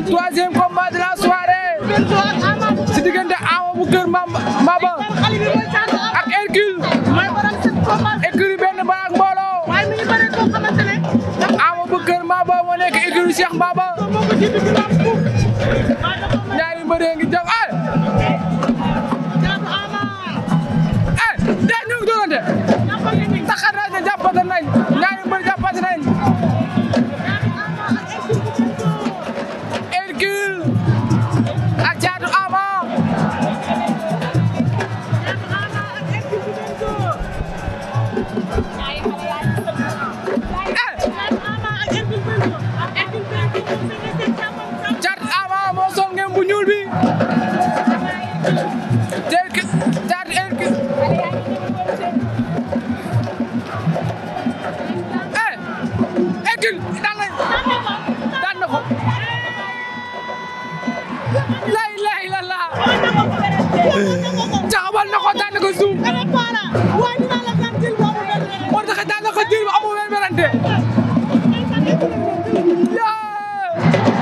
troisième combat de la soirée si diggante Awa bu kër Maba ak Hercule écurie benn barak mbooloo Awa bu kër Maba moo nekk écurie Cheikh Maba ñaari mbër ngi jox bu ñuul bi derki dar erki eh eggil eh, daan na daan na ko la ilaha illallah taxawal na ko daan na ko suuf war na ko daan na ko jël amul werante